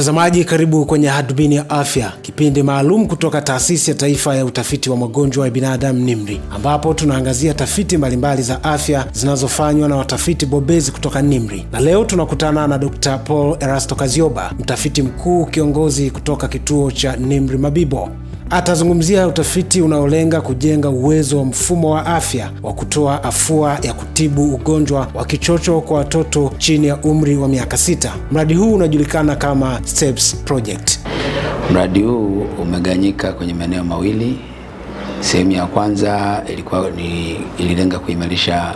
Mtazamaji, karibu kwenye Hadubini ya Afya, kipindi maalum kutoka Taasisi ya Taifa ya Utafiti wa Magonjwa ya Binadamu NIMRI, ambapo tunaangazia tafiti mbalimbali za afya zinazofanywa na watafiti bobezi kutoka NIMRI. Na leo tunakutana na Dr. Paul Erasto kazioba mtafiti mkuu kiongozi kutoka kituo cha NIMRI Mabibo. Atazungumzia utafiti unaolenga kujenga uwezo wa mfumo wa afya wa kutoa afua ya kutibu ugonjwa wa kichocho kwa watoto chini ya umri wa miaka sita. Mradi huu unajulikana kama STEPS Project. Mradi huu umeganyika kwenye maeneo mawili. Sehemu ya kwanza ilikuwa ni ililenga kuimarisha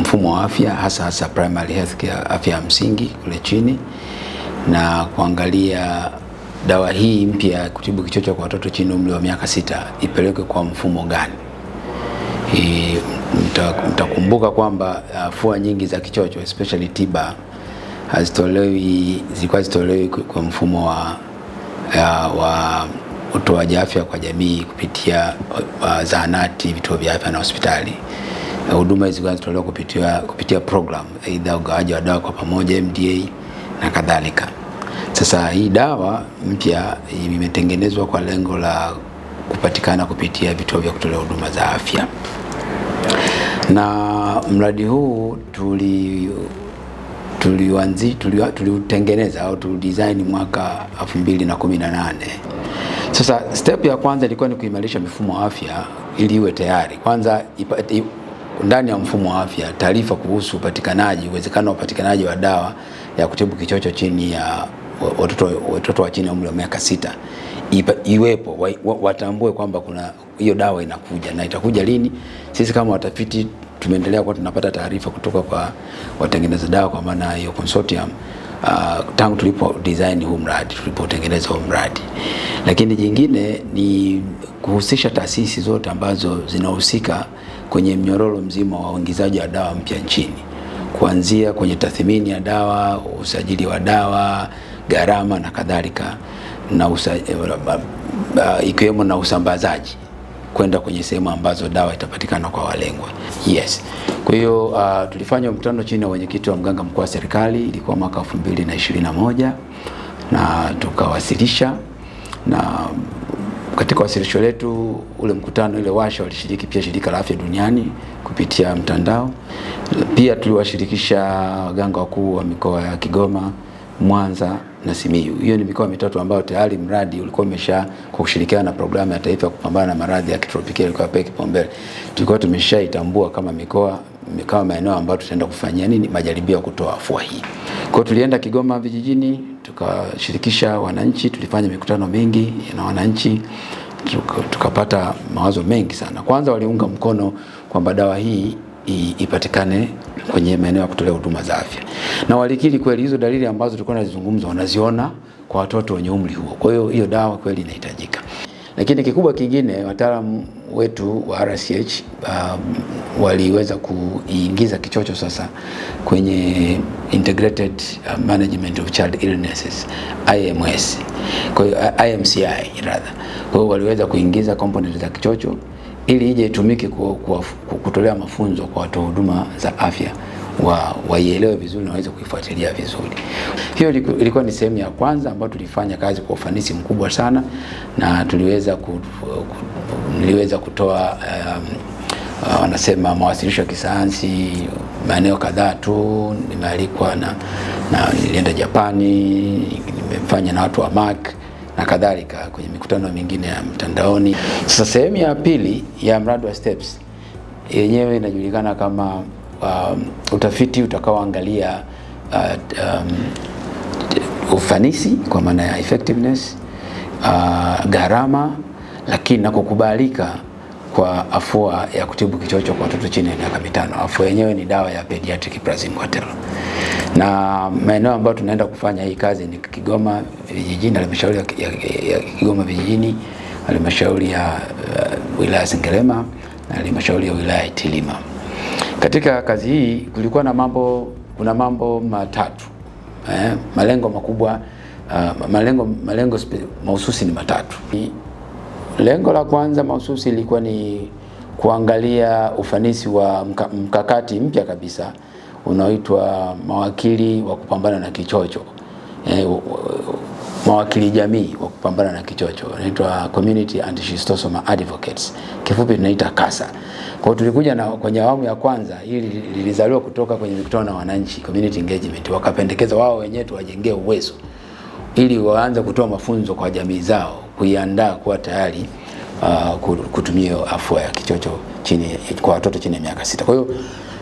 mfumo wa afya hasa hasa primary health care, afya ya msingi kule chini na kuangalia dawa hii mpya ya kutibu kichocho kwa watoto chini umri wa miaka sita ipelekwe kwa mfumo gani? Mtakumbuka mta kwamba uh, afua nyingi za kichocho especially tiba hazitolewi, zilikuwa zitolewi kwa mfumo wa, uh, wa utoaji afya kwa jamii kupitia uh, zahanati, vituo vya afya na hospitali. Huduma hizi zilikuwa zitolewa kupitia, kupitia program aidha ugawaji wa dawa kwa pamoja MDA na kadhalika. Sasa hii dawa mpya imetengenezwa kwa lengo la kupatikana kupitia vituo vya kutolea huduma za afya, na mradi huu tuli tuliuanzi tuliutengeneza au tulidesign mwaka 2018. Sasa step ya kwanza ilikuwa ni kuimarisha mifumo ya afya ili iwe tayari kwanza ipati, ndani ya mfumo wa afya taarifa kuhusu upatikanaji, uwezekano wa upatikanaji wa dawa ya kutibu kichocho chini ya watoto watoto wa chini ya umri wa miaka sita Ipa, iwepo wa, wa, watambue kwamba kuna hiyo dawa inakuja na itakuja lini. Sisi kama watafiti tumeendelea kuwa tunapata taarifa kutoka kwa watengeneza dawa kwa maana hiyo consortium uh, tangu tulipo design huu mradi tulipotengeneza huu mradi, lakini jingine ni kuhusisha taasisi zote ambazo zinahusika kwenye mnyororo mzima wa uingizaji wa dawa mpya nchini kuanzia kwenye tathmini ya dawa, usajili wa dawa gharama na kadhalika na usa, eh, ikiwemo na usambazaji kwenda kwenye sehemu ambazo dawa itapatikana kwa walengwa. Yes. Kwa hiyo uh, tulifanya mkutano chini ya wenyekiti wa mganga mkuu wa serikali, ilikuwa mwaka 2021 na tukawasilisha, na katika wasilisho letu ule mkutano, ile washa walishiriki pia shirika la afya duniani kupitia mtandao. Pia tuliwashirikisha waganga wakuu wa mikoa ya Kigoma Mwanza na Simiyu. Hiyo ni mikoa mitatu ambayo tayari mradi ulikuwa umesha kwa kushirikiana na programu ya taifa kupambana na maradhi ya kitropiki ilikuwa pekee kipaumbele. Tulikuwa tumeshaitambua kama mikoa kama maeneo ambayo tutaenda kufanyia nini majaribio ya kutoa afua hii. Kwa tulienda Kigoma vijijini, tukashirikisha wananchi, tulifanya mikutano mingi na wananchi tukapata mawazo mengi sana. Kwanza waliunga mkono kwamba dawa hii ipatikane kwenye maeneo ya kutolea huduma za afya, na walikiri kweli hizo dalili ambazo tulikuwa tunazizungumza wanaziona kwa watoto wenye umri huo. Kwa hiyo hiyo dawa kweli inahitajika, lakini kikubwa kingine wataalamu wetu wa RCH um, waliweza kuingiza kichocho sasa kwenye Integrated uh, Management of Child Illnesses IMS, kwa hiyo IMCI rather. Kwa hiyo waliweza kuingiza component za kichocho ili ije itumike kutolea mafunzo kwa watoa huduma za afya wa waielewe vizuri na waweze kuifuatilia vizuri. Hiyo ilikuwa ni sehemu ya kwanza ambayo tulifanya kazi kwa ufanisi mkubwa sana na tuliweza ku, niliweza kutoa um, uh, wanasema mawasilisho ya kisayansi maeneo kadhaa tu. Nimealikwa na, na nilienda Japani, nimefanya na watu wa MAC na kadhalika kwenye mikutano mingine ya mtandaoni. Sasa sehemu ya pili ya mradi wa STEPS yenyewe inajulikana kama um, utafiti utakaoangalia uh, um, ufanisi kwa maana ya effectiveness uh, gharama, lakini na kukubalika kwa afua ya kutibu kichocho kwa watoto chini ya miaka mitano. Afua yenyewe ni dawa ya pediatric water. na maeneo ambayo tunaenda kufanya hii kazi ni Kigoma vijijini, halmashauri ya, ya, ya Kigoma vijijini, halmashauri ya uh, wilaya Sengerema na halmashauri ya wilaya Itilima. Katika kazi hii kulikuwa na mambo, kuna mambo matatu eh, malengo makubwa uh, malengo, malengo mahususi ni matatu. Lengo la kwanza mahususi ilikuwa ni kuangalia ufanisi wa mka, mkakati mpya kabisa unaoitwa mawakili wa kupambana na kichocho e, mawakili jamii wa kupambana na kichocho inaitwa Community Anti-Schistosoma Advocates, kifupi tunaita kasa Kwa tulikuja na kwenye awamu ya kwanza, hili lilizaliwa kutoka kwenye mikutano na wananchi, community engagement, wakapendekeza wao wenyewe tuwajengee uwezo ili waanze kutoa mafunzo kwa jamii zao kuiandaa kuwa tayari uh, kutumia afua ya kichocho chini kwa watoto chini ya miaka sita. Kwa hiyo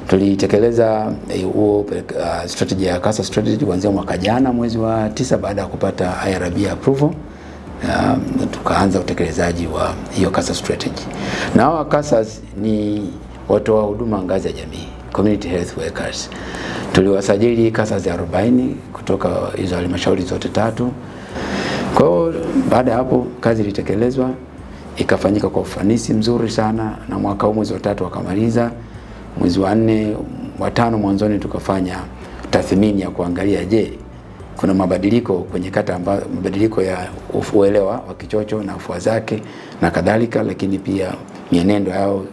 tulitekeleza eh, huo uh, strategy ya Kasa strategy kuanzia mwaka jana mwezi wa tisa baada ya kupata IRB approval. Um, tukaanza utekelezaji wa hiyo Kasa strategy. Na hawa Kasa ni watoa huduma ngazi ya jamii, community health workers. Tuliwasajili CASA 40 kutoka hizo halmashauri zote tatu. Kwa hiyo baada ya hapo kazi ilitekelezwa ikafanyika kwa ufanisi mzuri sana, na mwaka huu mwezi wa tatu wakamaliza, mwezi wa nne, wa tano mwanzoni tukafanya tathmini ya kuangalia, je, kuna mabadiliko kwenye kata ambayo mabadiliko ya uelewa wa kichocho na afua zake na kadhalika, lakini pia mienendo yao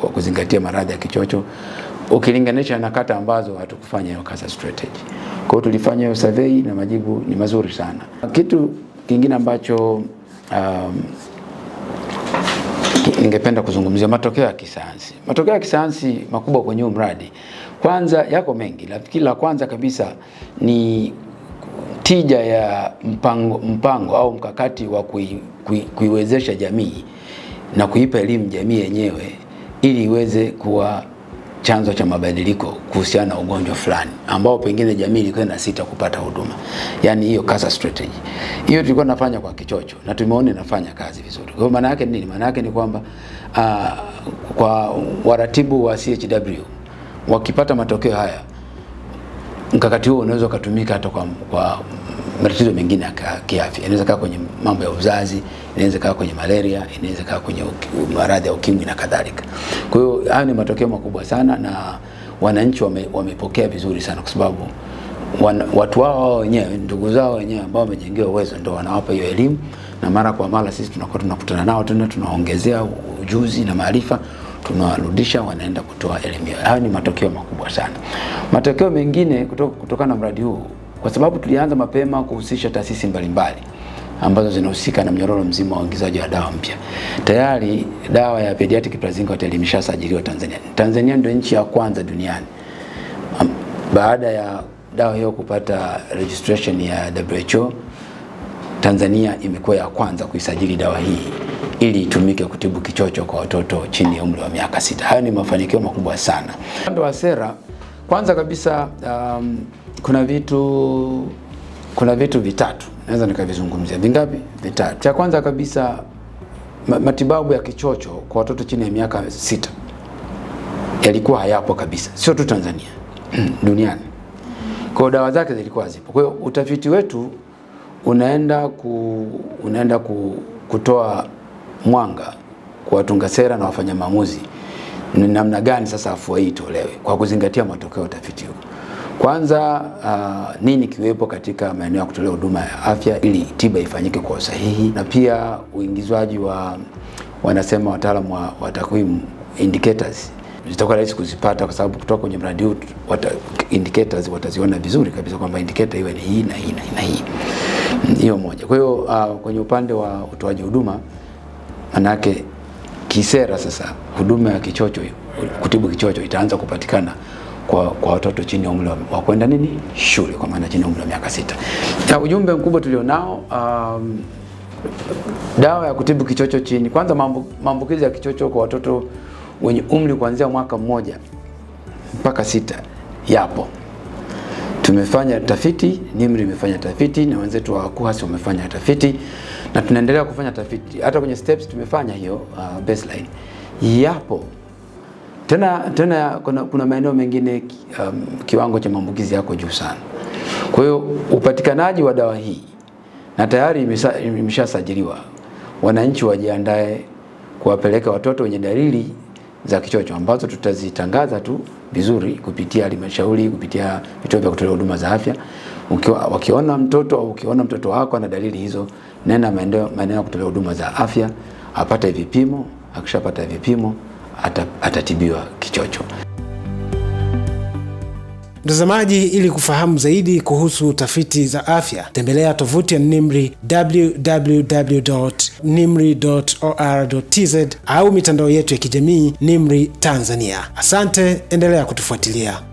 kwa kuzingatia maradhi ya kichocho ukilinganisha na kata ambazo hatukufanya hiyo kazi strategy. Kwa hiyo tulifanya hiyo survey na majibu ni mazuri sana kitu Kingine ambacho um, ningependa kuzungumzia matokeo ya kisayansi. Matokeo ya kisayansi makubwa kwenye huu mradi kwanza yako mengi, lakini la kwanza kabisa ni tija ya mpango, mpango au mkakati wa kui, kui, kuiwezesha jamii na kuipa elimu jamii yenyewe ili iweze kuwa chanzo cha mabadiliko kuhusiana na ugonjwa fulani ambao pengine jamii ilikuwa sita kupata huduma. Yaani hiyo kasa strategy. Hiyo tulikuwa tunafanya kwa kichocho na tumeona inafanya kazi vizuri. Kwa hiyo maana yake nini? Maana yake ni kwamba ah, kwa waratibu wa CHW wakipata matokeo haya mkakati huo unaweza ukatumika hata kwa, kwa matatizo mengine ya kiafya. Inaweza kaa kwenye mambo ya uzazi, inaweza kaa kwenye malaria, inaweza kaa kwenye maradhi ya ukimwi na kadhalika. Kwa hiyo hayo ni matokeo makubwa sana, na wananchi wame, wamepokea vizuri sana kwa sababu wan, watu wao wenyewe ndugu zao wenyewe ambao wamejengewa uwezo ndio wanawapa hiyo elimu, na mara kwa mara sisi tunakuwa tunakutana nao tena tunaongezea ujuzi na maarifa tunawarudisha wanaenda kutoa elimu. Hayo ni matokeo makubwa sana. Matokeo mengine kutoka, kutokana na mradi huu kwa sababu tulianza mapema kuhusisha taasisi mbalimbali ambazo zinahusika na mnyororo mzima wa uingizaji wa dawa mpya. Tayari dawa ya pediatric praziquantel imeshasajiliwa Tanzania. Tanzania ndio nchi ya kwanza duniani baada ya dawa hiyo kupata registration ya WHO, Tanzania imekuwa ya kwanza kuisajili dawa hii ili itumike kutibu kichocho kwa watoto chini ya umri wa miaka sita. Hayo ni mafanikio makubwa sana. Upande wa sera, kwanza kabisa um, kuna vitu kuna vitu vitatu naweza nikavizungumzia. Vingapi? Vitatu. Cha kwanza kabisa, matibabu ya kichocho kwa watoto chini ya miaka sita yalikuwa hayapo kabisa, sio tu Tanzania, duniani. Kwa dawa zake zilikuwa hazipo. Kwa hiyo utafiti wetu unaenda ku, unaenda ku, kutoa mwanga kwa watunga sera na wafanya maamuzi ni namna gani sasa afua hii itolewe kwa kuzingatia matokeo ya utafiti huu. Kwanza uh, nini kiwepo katika maeneo ya kutolea huduma ya afya ili tiba ifanyike kwa usahihi, na pia uingizwaji wa wanasema wataalamu wa, wa takwimu indicators zitakuwa rahisi kuzipata kwa sababu kutoka kwenye mradi huu wata, indicators wataziona vizuri kabisa kwamba indicator iwe ni hii na hii na hii hiyo moja. Kwa hiyo uh, kwenye upande wa utoaji huduma manake kisera sasa huduma ya kichocho kutibu kichocho itaanza kupatikana kwa, kwa watoto chini ya umri wa kwenda nini shule, kwa maana chini ya umri wa miaka sita. Na ujumbe mkubwa tulionao um, dawa ya kutibu kichocho chini. Kwanza, maambukizi ya kichocho kwa watoto wenye umri kuanzia mwaka mmoja mpaka sita yapo. Tumefanya tafiti, NIMR imefanya tafiti na wenzetu wa KUHAS wamefanya tafiti na tunaendelea kufanya tafiti, hata kwenye steps tumefanya hiyo uh, baseline yapo. Tena, tena kuna, kuna maeneo mengine um, kiwango cha maambukizi yako juu sana. Kwa hiyo upatikanaji wa dawa hii na tayari imeshasajiliwa, wananchi wajiandae kuwapeleka watoto wenye dalili za kichocho ambazo tutazitangaza tu vizuri kupitia halmashauri, kupitia vituo vya kutolea huduma za afya. Ukiwa, wakiona mtoto au ukiona mtoto wako ana dalili hizo, nenda maeneo ya kutolea huduma za afya apate vipimo. Akishapata vipimo atatibiwa kichocho. Mtazamaji, ili kufahamu zaidi kuhusu tafiti za afya, tembelea tovuti ya NIMRI www.nimri.or.tz au mitandao yetu ya kijamii nimri Tanzania. Asante, endelea kutufuatilia.